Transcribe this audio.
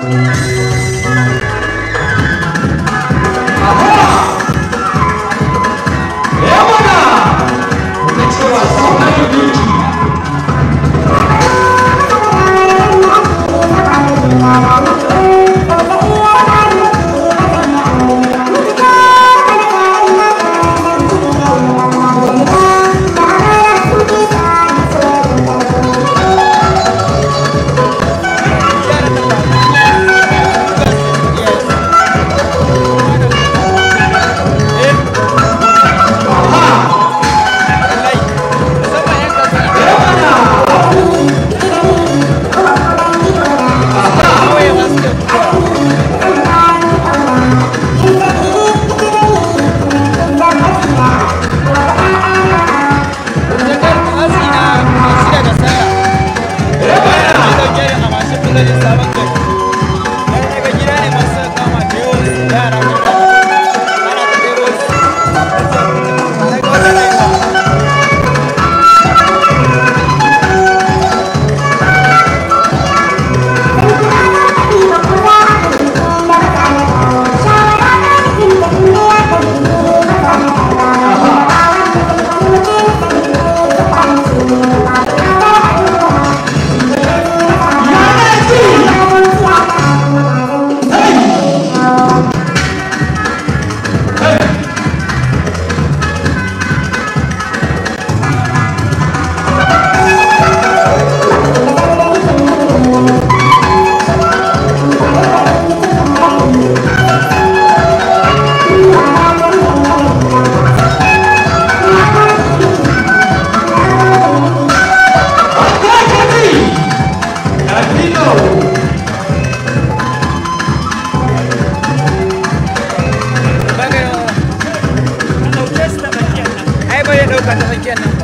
Thank you. Sábado. Jenna.